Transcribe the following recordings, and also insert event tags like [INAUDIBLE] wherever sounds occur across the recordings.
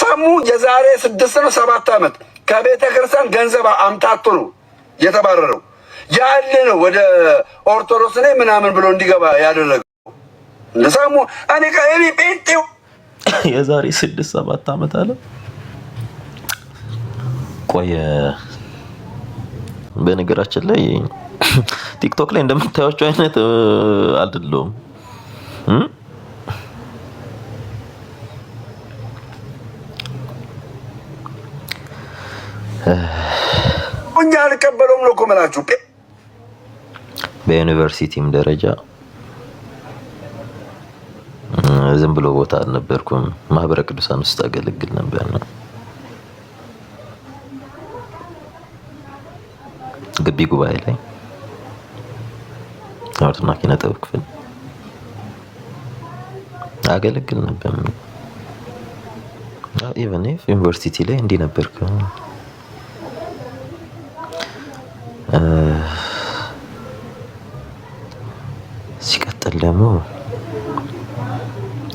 ሰሙ የዛሬ ስድስት ነው ሰባት ዓመት ከቤተ ክርስቲያን ገንዘብ አምታቶ ነው የተባረረው። ያለ ነው ወደ ኦርቶዶክስ ነ ምናምን ብሎ እንዲገባ ያደረገው። ሰሙ እኔ ጴንጤው [COUGHS] የዛሬ ስድስት ሰባት ዓመት አለ ቆየ። በነገራችን ላይ [COUGHS] ቲክቶክ ላይ እንደምታዩቸው አይነት አይደለሁም። እኛ አልቀበለውም ነው እኮ በዩኒቨርሲቲም ደረጃ ዝም ብሎ ቦታ አልነበርኩም። ማህበረ ቅዱሳን ውስጥ አገለግል ነበር ነው ግቢ ጉባኤ ላይ ትምህርትና ኪነጥበብ ክፍል አገለግል ነበር። ኢቨን ዩኒቨርሲቲ ላይ እንዲህ ነበርክ። ሲቀጥል ደግሞ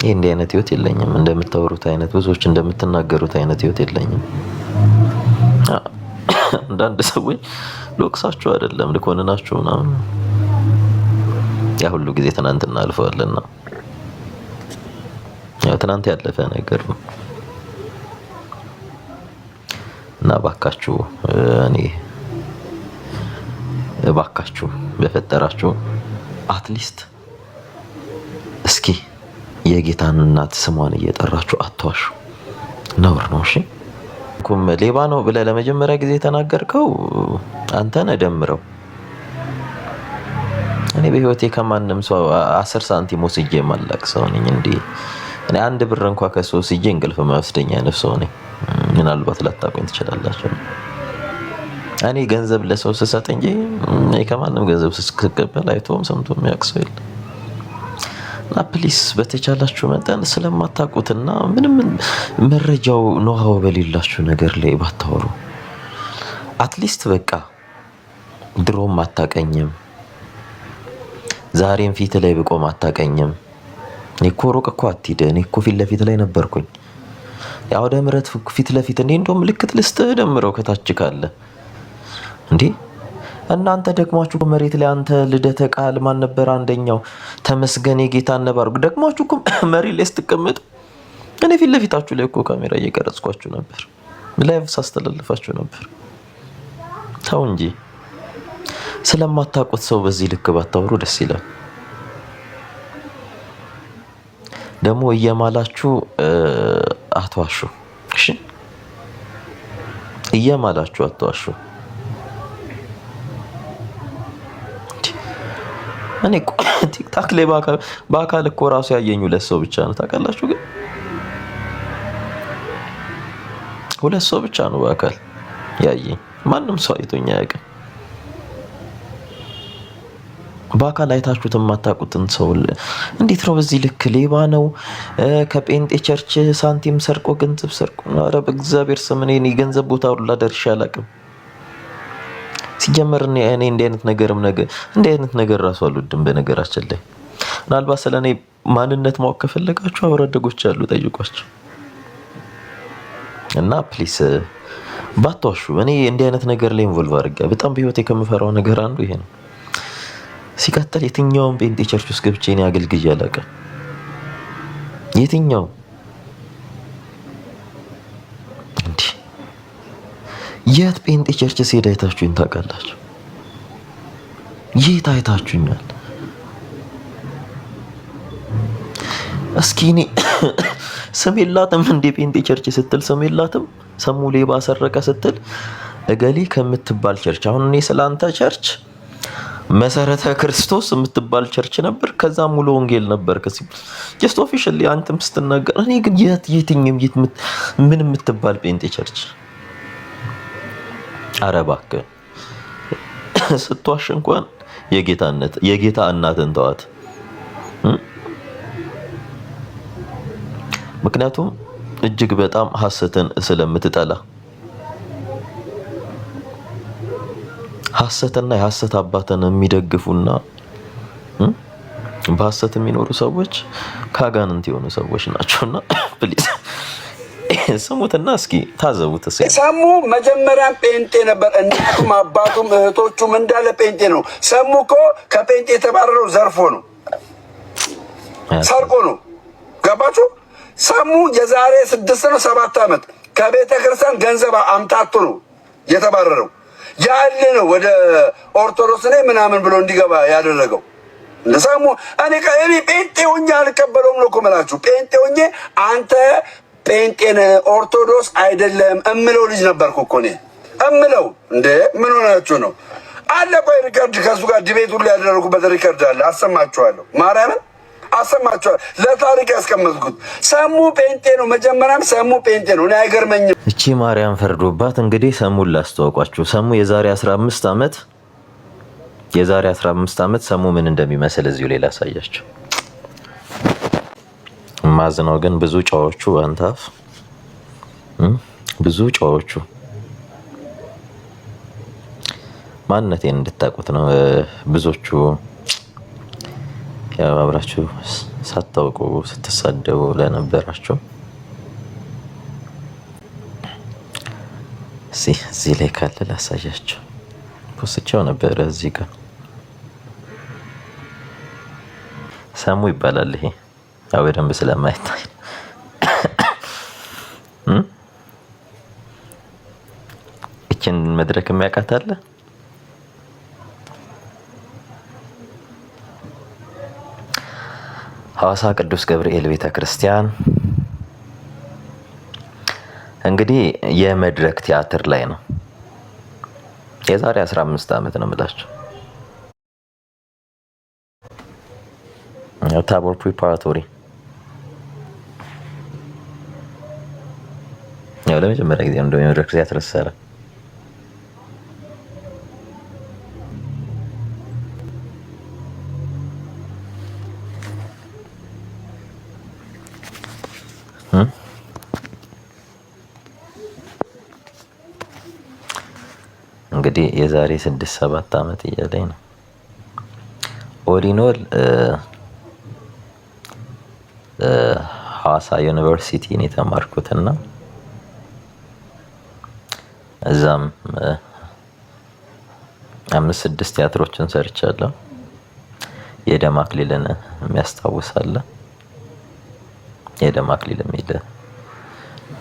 ይህ እንዲህ አይነት ህይወት የለኝም። እንደምታወሩት አይነት ብዙዎች እንደምትናገሩት አይነት ህይወት የለኝም። አንዳንድ ሰዎች ልወቅሳችሁ አይደለም ልኮንናችሁ ምናምን ያ ሁሉ ጊዜ ትናንት እናልፈዋልና ያው ትናንት ያለፈ ነገር ነው እና እባካችሁ እኔ እባካችሁ በፈጠራችሁ አትሊስት እስኪ የጌታን እናት ስሟን እየጠራችሁ አትዋሹ። ነውር ነው። እሺ ኩም ሌባ ነው ብለህ ለመጀመሪያ ጊዜ የተናገርከው አንተን ደምረው እኔ በህይወቴ ከማንም ሰው አስር ሳንቲም ወስጄ የማላቅ ሰው ነኝ። እንዲህ እኔ አንድ ብር እንኳ ከሰው ወስጄ እንቅልፍ የማይወስደኝ አይነት ሰው ነኝ። ምናልባት ላታቆኝ ትችላላችሁ። እኔ ገንዘብ ለሰው ስሰጥ እንጂ ከማንም ገንዘብ ስቀበል አይቶም ሰምቶ የሚያውቅ ሰው የለም። እና ፕሊስ በተቻላችሁ መጠን ስለማታውቁትና ምንም መረጃው ኖሃው በሌላችሁ ነገር ላይ ባታወሩ አትሊስት በቃ ድሮም አታቀኝም፣ ዛሬም ፊት ላይ ብቆም አታቀኝም። እኔ እኮ ሩቅ እኮ አትሂድ፣ እኔ እኮ ፊት ለፊት ላይ ነበርኩኝ። የአውደ ምሕረት ፊት ለፊት እንዴ እንደውም ምልክት ልስጥህ ደምረው ከታች ካለ እንዴ እናንተ ደግማችሁ እኮ መሬት ላይ አንተ ልደተ ቃል ማን ነበር? አንደኛው ተመስገን የጌታ ነባርጉ። ደግማችሁ እኮ [COUGHS] መሬት ላይ ስትቀመጡ እኔ ፊት ለፊታችሁ ላይ እኮ ካሜራ እየቀረጽኳችሁ ነበር፣ ላይቭ ሳስተላልፋችሁ ነበር። ተው እንጂ ስለማታውቁት ሰው በዚህ ልክ ባታወሩ ደስ ይላል። ደግሞ እየማላችሁ አትዋሹ፣ እሺ? እየማላችሁ አትዋሹ። እኔ ቲክታክ ላይ በአካል እኮ ራሱ ያየኝ ሁለት ሰው ብቻ ነው ታውቃላችሁ። ግን ሁለት ሰው ብቻ ነው በአካል ያየኝ። ማንም ሰው አይቶኝ አያውቅም። በአካል አይታችሁት የማታውቁትን ሰው እንዴት ነው በዚህ ልክ ሌባ ነው ከጴንጤ ቸርች ሳንቲም ሰርቆ ገንዘብ ሰርቆ? ኧረ በእግዚአብሔር ስም እኔ ገንዘብ ቦታ ሁላ ደርሼ አላውቅም። ሲጀመር እኔ እንዲህ አይነት ነገርም ነገ እንዲህ አይነት ነገር ራሱ አልወድም። በነገራችን ላይ ምናልባት ስለ እኔ ማንነት ማወቅ ከፈለጋችሁ አብሮ አደጎች ያሉ ጠይቋቸው እና ፕሊስ ባትዋሹ። እኔ እንዲህ አይነት ነገር ላይ ኢንቮልቭ አድርጌ በጣም በህይወቴ ከምፈራው ነገር አንዱ ይሄ ነው። ሲቀጥል የትኛውም ጴንጤ ቸርች ውስጥ ገብቼ እኔ አገልግዬ አላውቅም የትኛውም የት ጴንጤ ቸርች ሲሄድ አይታችሁኝ ታውቃላችሁ? የት አይታችሁኛል? እስኪ እኔ [COUGHS] ስም የላትም እንዴ ጴንጤ ቸርች ስትል ስም የላትም? ሰሙ ሌባ ሰረቀ ስትል እገሌ ከምትባል ቸርች አሁን እኔ ስላንተ ቸርች መሰረተ ክርስቶስ የምትባል ቸርች ነበር። ከዛ ሙሉ ወንጌል ነበር ጀስት አንተም ስትናገር፣ እኔ ግን የት የትኛም ምን የምትባል ጴንጤ ቸርች ኧረ እባክህ ስትዋሽ እንኳን የጌታነት የጌታ እናትን ተዋት። ምክንያቱም እጅግ በጣም ሐሰትን ስለምትጠላ ሐሰትና የሐሰት አባትን የሚደግፉና በሐሰት የሚኖሩ ሰዎች ከአጋንንት የሆኑ ሰዎች ናቸውና ፕሊዝ [LAUGHS] ስሙትና እስኪ ታዘቡት። ሰሙ መጀመሪያ ጴንጤ ነበር። እናቱም አባቱም እህቶቹም እንዳለ ጴንጤ ነው። ሰሙ እኮ ከጴንጤ የተባረረው ዘርፎ ነው፣ ሰርቆ ነው። ገባችሁ? ሰሙ የዛሬ ስድስት ነው ሰባት ዓመት ከቤተ ክርስቲያን ገንዘብ አምታቶ ነው የተባረረው። ያለ ነው ወደ ኦርቶዶክስ ነ ምናምን ብሎ እንዲገባ ያደረገው ሰሙ። እኔ ጴንጤ ሆኜ አልቀበለውም ነው እኮ የምላችሁ ጴንጤ ሆኜ አንተ ጴንጤን ኦርቶዶክስ አይደለም እምለው ልጅ ነበርኩ እኮ እኔ እምለው። እንደ ምን ሆናችሁ ነው አለ። ቆይ ሪከርድ ከሱ ጋር ዲቤት ሁሉ ያደረጉበት ሪከርድ አለ፣ አሰማችኋለሁ። ማርያምን አሰማችኋለሁ። ለታሪክ ያስቀመጥኩት ሰሙ ጴንጤ ነው። መጀመሪያም ሰሙ ጴንጤ ነው። እኔ አይገርመኝም። እቺ ማርያም ፈርዶባት እንግዲህ ሰሙን ላስተዋውቋችሁ። ሰሙ የዛሬ 15 ዓመት የዛሬ 15 ዓመት ሰሙ ምን እንደሚመስል እዚሁ ሌላ አሳያቸው። የማዝነው ግን ብዙ ጨዎቹ አንታፍ ብዙ ጨዎቹ ማንነቴን እንድታውቁት ነው። ብዙዎቹ ያው አብራችሁ ሳታውቁ ስትሳደቡ ለነበራችሁ እዚህ ላይ ካለ ላሳያቸው ፖስቻው ነበረ። እዚህ ጋር ሰሙ ይባላል ይሄ ያው በደንብ ስለማይታይ [COUGHS] እችን መድረክ አለ? ሐዋሳ ቅዱስ ገብርኤል ቤተ ክርስቲያን እንግዲህ የመድረክ ቲያትር ላይ ነው። የዛሬ 15 ዓመት ነው የምላቸው። ታቦር ፕሪፓራቶሪ ያው ለመጀመሪያ ጊዜ እንደው ወደ ጊዜ ያስረሰረ እንግዲህ የዛሬ ስድስት ሰባት ዓመት እያለኝ ነው። ኦሊኖል ሐዋሳ ዩኒቨርሲቲ ነው የተማርኩትና አምስት ስድስት ቲያትሮችን ሰርቻለሁ። የደም አክሊልን የሚያስታውሳለ የደም አክሊል የሚል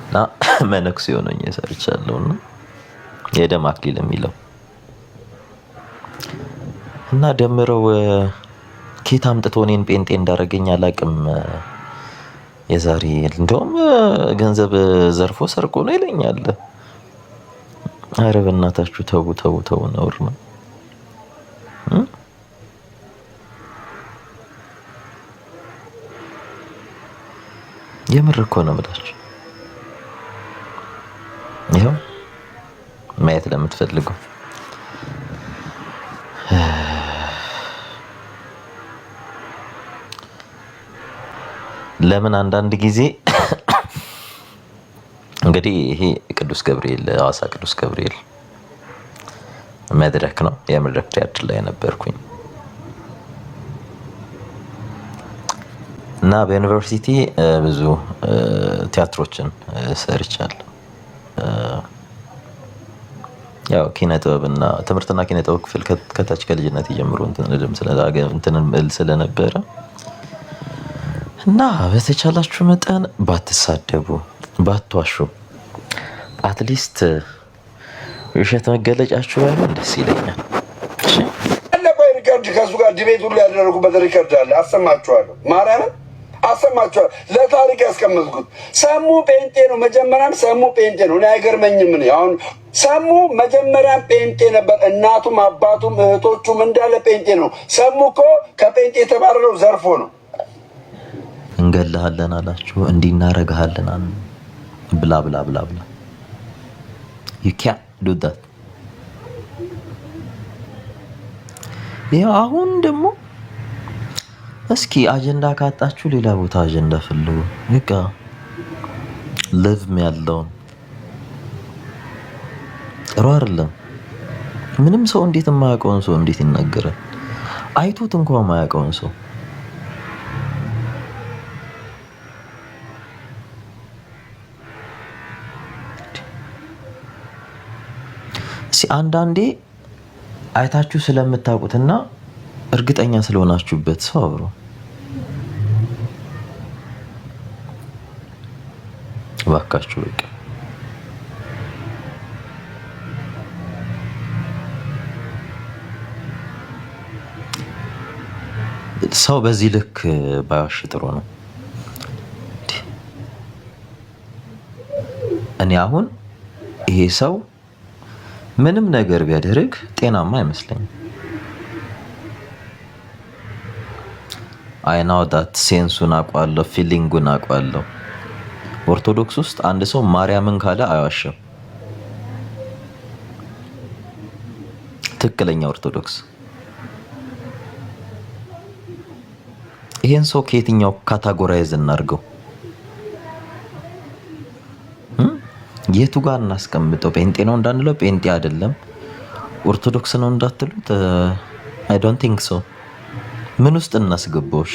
እና [COUGHS] መነኩሴ ሆኜ ሰርቻለሁ እና የደም አክሊል የሚለው እና ደምረው ኬት አምጥቶ እኔን ጴንጤ እንዳደረገኝ አላቅም። የዛሬ እንደውም ገንዘብ ዘርፎ ሰርቆ ነው ይለኛል። አረ በእናታችሁ ተው ተው ተው፣ ነውር ነው። የምር እኮ ነው ብላችሁ? ይኸው ማየት ለምትፈልጉ ለምን አንዳንድ ጊዜ [COUGHS] እንግዲህ ይሄ ቅዱስ ገብርኤል ሐዋሳ ቅዱስ ገብርኤል መድረክ ነው። የመድረክ ቲያትር ላይ ነበርኩኝ እና በዩኒቨርሲቲ ብዙ ቲያትሮችን ሰርቻለሁ። ያው ኪነ ጥበብና ትምህርትና ኪነ ጥበብ ክፍል ከታች ከልጅነት ጀምሮ እንትን ስለነበረ እና በተቻላችሁ መጠን ባትሳደቡ፣ ባትዋሹ አትሊስት የውሸት መገለጫችሁ ባይሆን ደስ ይለኛል። ሪከርድ ከሱ ጋር ዲቤት ሁሉ ያደረጉበት ሪከርድ አለ። አሰማችኋለሁ፣ ማርያምን አሰማችኋለሁ። ለታሪክ ያስቀመጥኩት ሰሙ ጴንጤ ነው። መጀመሪያም ሰሙ ጴንጤ ነው። እኔ አይገርመኝም። እኔ አሁን ሰሙ መጀመሪያም ጴንጤ ነበር። እናቱም አባቱም እህቶቹም እንዳለ ጴንጤ ነው። ሰሙ እኮ ከጴንጤ የተባረረው ዘርፎ ነው። እንገልሃለን አላችሁ፣ እንዲህ እናረግሃለን ብላ ብላ ብላ ብላ ዱ ዳት ይኸው አሁን ደግሞ እስኪ አጀንዳ ካጣችሁ ሌላ ቦታ አጀንዳ ፈልጉ። በቃ ልቭም ያለውን ጥሩ አይደለም። ምንም ሰው እንዴት የማያውቀውን ሰው እንዴት ይናገራል? አይቶት እንኳን የማያውቀውን ሰው አንዳንዴ አይታችሁ ስለምታውቁትና እርግጠኛ ስለሆናችሁበት ሰው አብሮ እባካችሁ በቃ ሰው በዚህ ልክ ባያሽ ጥሩ ነው። እኔ አሁን ይሄ ሰው ምንም ነገር ቢያደርግ ጤናማ አይመስለኝም። ዳት ሴንሱን አውቀዋለሁ፣ ፊሊንጉን አውቋለሁ ኦርቶዶክስ ውስጥ አንድ ሰው ማርያምን ካለ አይዋሽም። ትክክለኛ ኦርቶዶክስ ይህን ሰው ከየትኛው ካታጎራይዝ እናድርገው? የቱ ጋር እናስቀምጠው? ጴንጤ ነው እንዳንለው ጴንጤ አይደለም፣ ኦርቶዶክስ ነው እንዳትሉት አይ ዶንት ቲንክ ሶ። ምን ውስጥ እናስገባውሽ?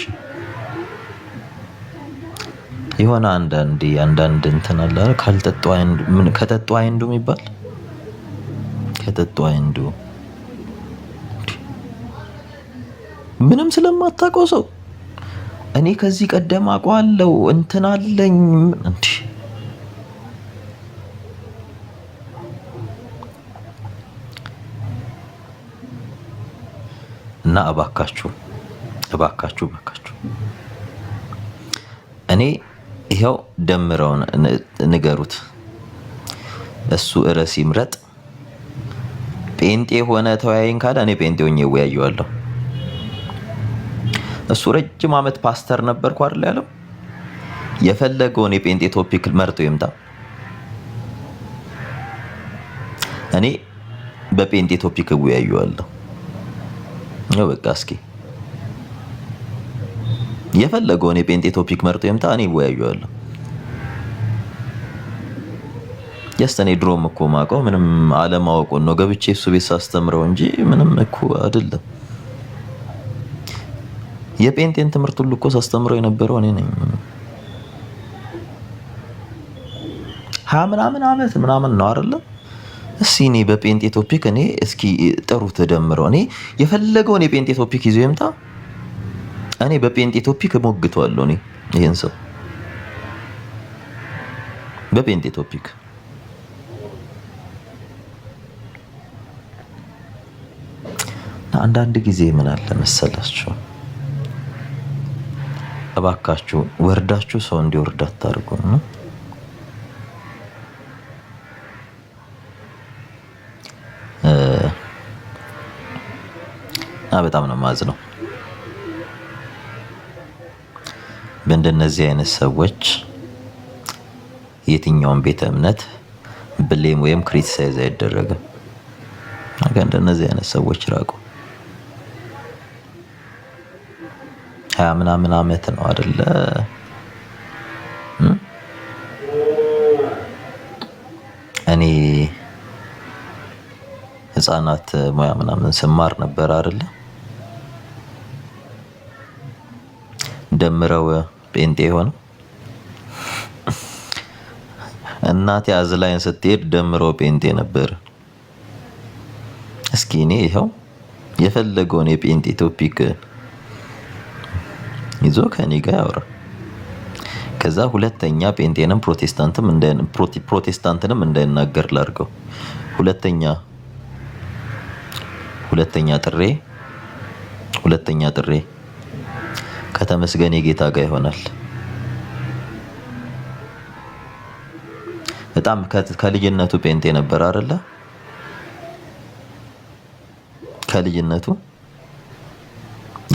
የሆነ አንዳንድ አንዳንድ እንትን አለ ካልጠጡ አይንዱ፣ ምን ከጠጡ አይንዱ የሚባል ከጠጡ አይንዱ ምንም ስለማታውቀው ሰው እኔ ከዚህ ቀደም አውቀዋለሁ እንትን አለኝ እንዲ እና እባካችሁ እባካችሁ እባካችሁ እኔ ይኸው ደምረውን ንገሩት። እሱ ርዕስ ይምረጥ። ጴንጤ ሆነ ተወያይን ካለ እኔ ጴንጤ ሆኜ እወያየዋለሁ። እሱ ረጅም ዓመት ፓስተር ነበርኩ አይደል ያለው። የፈለገውን የጴንጤ ቶፒክ መርጦ ይምጣ። እኔ በጴንጤ ቶፒክ እወያየዋለሁ። ነው። በቃ እስኪ የፈለገውን የጴንጤ ቶፒክ መርጦ የምታ እኔ ይወያዩዋለሁ። የስተኔ ድሮም እኮ ማውቀው ምንም አለማወቁን ነው ገብቼ እሱ ቤት ሳስተምረው እንጂ ምንም እኮ አይደለም። የጴንጤን ትምህርት ሁሉ እኮ ሳስተምረው የነበረው እኔ ነኝ። ሀያ ምናምን አመት ምናምን ነው አይደለም እስኪ እኔ በጴንጤ ቶፒክ እኔ እስኪ ጥሩ ተደምረው እኔ የፈለገውን የጴንጤ ቶፒክ ይዞ ይምጣ። እኔ በጴንጤ ቶፒክ እሞግተዋለሁ። እኔ ይህን ሰው በጴንጤ ቶፒክ አንዳንድ ጊዜ ምን አለ መሰላችሁ፣ እባካችሁ ወርዳችሁ ሰው እንዲወርድ አታርጉ ነው በጣም ነው ማዝ ነው። በእንደነዚህ አይነት ሰዎች የትኛውን ቤተ እምነት ብሌም ወይም ክሪቲሳይዝ አይደረግም። ከእንደነዚህ አይነት ሰዎች ራቁ። ሀያ ምናምን አመት ነው አደለ? እኔ ህፃናት ሙያ ምናምን ስማር ነበር አደለም? ደምረው ጴንጤ የሆነ እናቴ አዝላይን ስትሄድ ደምረው ጴንጤ ነበር። እስኪ እኔ ይኸው የፈለገውን የጴንጤ ቶፒክ ይዞ ከኔ ጋር ያወራ። ከዛ ሁለተኛ ጴንጤንም ፕሮቴስታንትንም እንዳይናገር ላድርገው። ሁለተኛ ሁለተኛ ጥሬ ሁለተኛ ጥሬ ከተመስገን የጌታ ጋር ይሆናል። በጣም ከልጅነቱ ጴንጤ ነበር አይደለ? ከልጅነቱ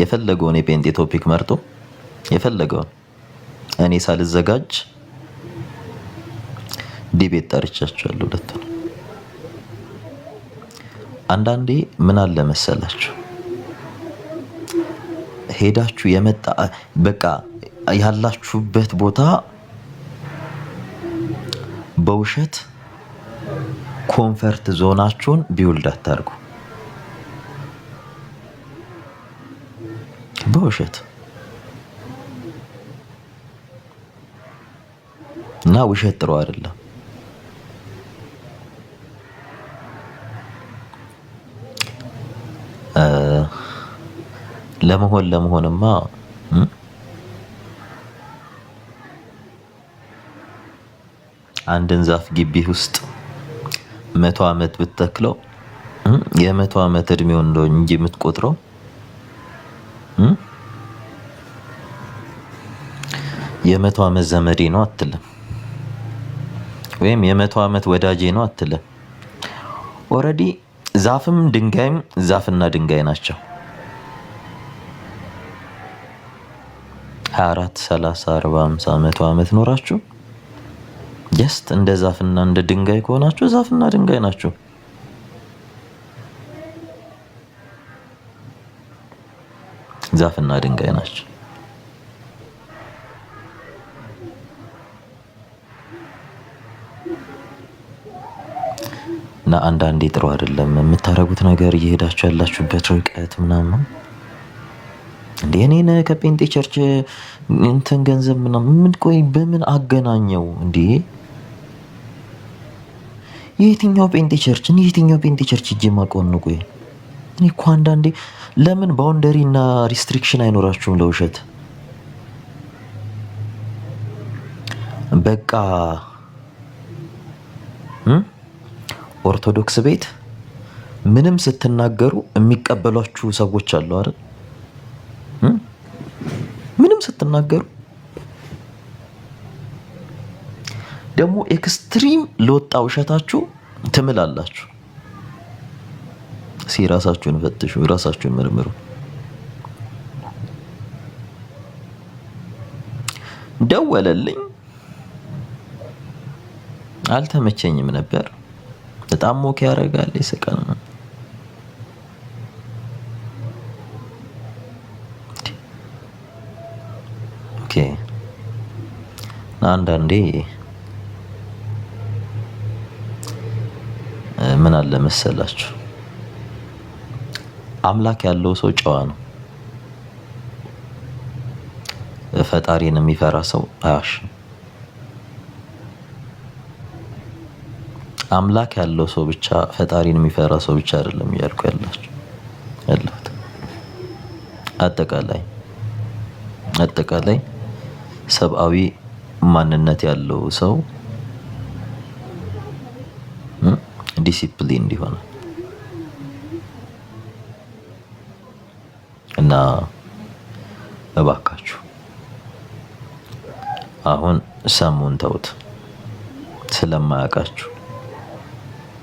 የፈለገውን የጴንጤ ቶፒክ መርጦ የፈለገውን እኔ ሳልዘጋጅ ዲቤት ጠርቻቸዋለሁ ሁለቱን። አንዳንዴ ምን አለ መሰላችሁ ሄዳችሁ የመጣ በቃ ያላችሁበት ቦታ በውሸት ኮንፈርት ዞናችሁን ቢውልድ አታርጉ። በውሸት እና ውሸት ጥሩ አይደለም። ለመሆን ለመሆንማ አንድን ዛፍ ግቢ ውስጥ መቶ ዓመት ብትተክለው የመቶ ዓመት እድሜው እንደ እንጂ የምትቆጥረው የመቶ ዓመት ዘመዴ ነው አትልም፣ ወይም የመቶ ዓመት ወዳጄ ነው አትልም። ኦልሬዲ ዛፍም ድንጋይም ዛፍና ድንጋይ ናቸው። 24 30 40 50 100 ዓመት ኖራችሁ ጀስት እንደ ዛፍና እንደ ድንጋይ ከሆናችሁ ዛፍና ድንጋይ ናችሁ። ዛፍና ድንጋይ ናችሁ። እና አንዳንዴ ጥሩ አይደለም የምታደርጉት ነገር እየሄዳችሁ ያላችሁበት ርቀት ምናምን እንዴ እኔን ከጴንጤ ቸርች እንትን ገንዘብ ምናምን ምን ቆይ በምን አገናኘው እንዴ? የየትኛው ጴንጤ ቸርች እኔ የትኛው ጴንጤ ቸርች እጅ ማቆን ነው? ቆይ እኔ እኮ አንዳንዴ ለምን ባውንደሪ እና ሪስትሪክሽን አይኖራችሁም ለውሸት? በቃ ኦርቶዶክስ ቤት ምንም ስትናገሩ የሚቀበሏችሁ ሰዎች አሉ አይደል? ምንም ስትናገሩ ደግሞ ኤክስትሪም ለወጣ ውሸታችሁ ትምላላችሁ። እስኪ ራሳችሁን ፈትሹ፣ ራሳችሁን መርምሩ። ደወለልኝ፣ አልተመቸኝም ነበር። በጣም ሞክ ያደርጋል፣ ነው አንዳንዴ ምን አለ መሰላችሁ አምላክ ያለው ሰው ጨዋ ነው። ፈጣሪን የሚፈራ ሰው አያሽም። አምላክ ያለው ሰው ብቻ ፈጣሪን የሚፈራ ሰው ብቻ አይደለም እያልኩ ያላችሁ ያለሁት አጠቃላይ አጠቃላይ ሰብአዊ ማንነት ያለው ሰው ዲሲፕሊን እንዲሆን እና እባካችሁ አሁን ሰሙን ተውት። ስለማያውቃችሁ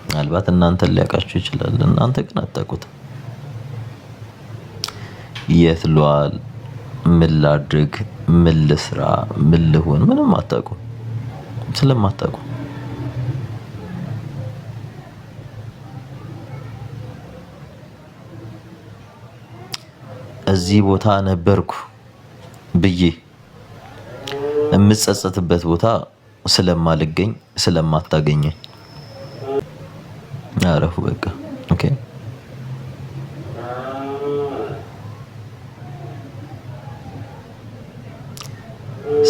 ምናልባት እናንተን ሊያውቃችሁ ይችላል። እናንተ ግን አታውቁትም። የት ለዋል ምን ላድርግ፣ ምን ልስራ፣ ምን ልሁን፣ ምንም አታውቁም ስለማታውቁ እዚህ ቦታ ነበርኩ ብዬ የምጸጸትበት ቦታ ስለማልገኝ ስለማታገኘኝ አረፉ በቃ።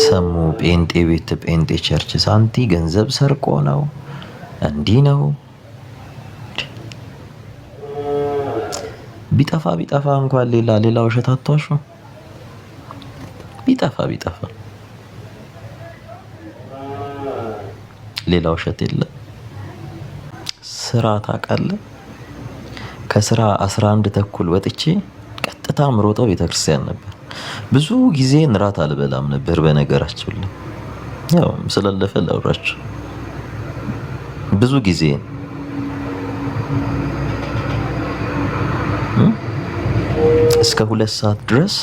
ሰሙ ጴንጤ ቤት ጴንጤ ቸርች ሳንቲ ገንዘብ ሰርቆ ነው እንዲህ ነው ቢጠፋ ቢጠፋ እንኳን ሌላ ሌላ ውሸት አቷሹ ቢጠፋ ቢጠፋ ሌላ ውሸት የለም። ስራ ታውቃለህ? ከስራ አስራ አንድ ተኩል ወጥቼ ቀጥታ ምሮጠው ቤተክርስቲያን ነበር። ብዙ ጊዜ እራት አልበላም ነበር በነገራችን ላይ ያው ስላለፈ ላውራችሁ። ብዙ ጊዜ እስከ ሁለት ሰዓት ድረስ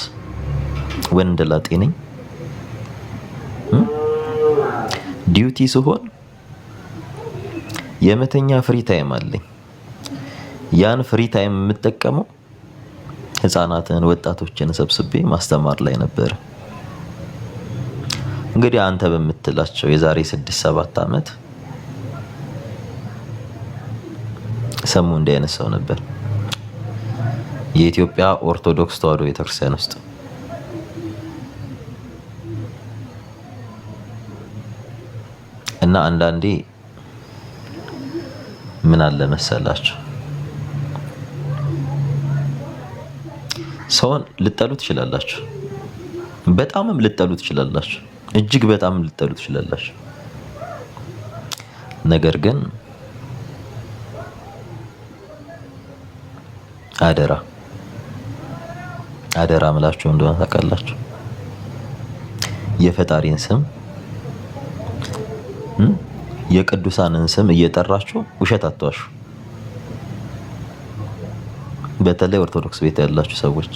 ወንድ ላጤ ነኝ። ዲዩቲ ሲሆን የመተኛ ፍሪ ታይም አለኝ። ያን ፍሪ ታይም የምጠቀመው ህጻናትን፣ ወጣቶችን ሰብስቤ ማስተማር ላይ ነበር። እንግዲህ አንተ በምትላቸው የዛሬ ስድስት ሰባት ዓመት ሰሙ እንዲህ አይነት ሰው ነበር። የኢትዮጵያ ኦርቶዶክስ ተዋህዶ ቤተክርስቲያን ውስጥ እና አንዳንዴ ምን አለ መሰላችሁ ሰውን ልጠሉ ትችላላችሁ፣ በጣምም ልጠሉ ትችላላችሁ፣ እጅግ በጣምም ልጠሉ ትችላላችሁ። ነገር ግን አደራ አደራ ምላችሁ እንደሆነ ታውቃላችሁ። የፈጣሪን ስም የቅዱሳንን ስም እየጠራችሁ ውሸት አትዋሹ። በተለይ ኦርቶዶክስ ቤት ያላችሁ ሰዎች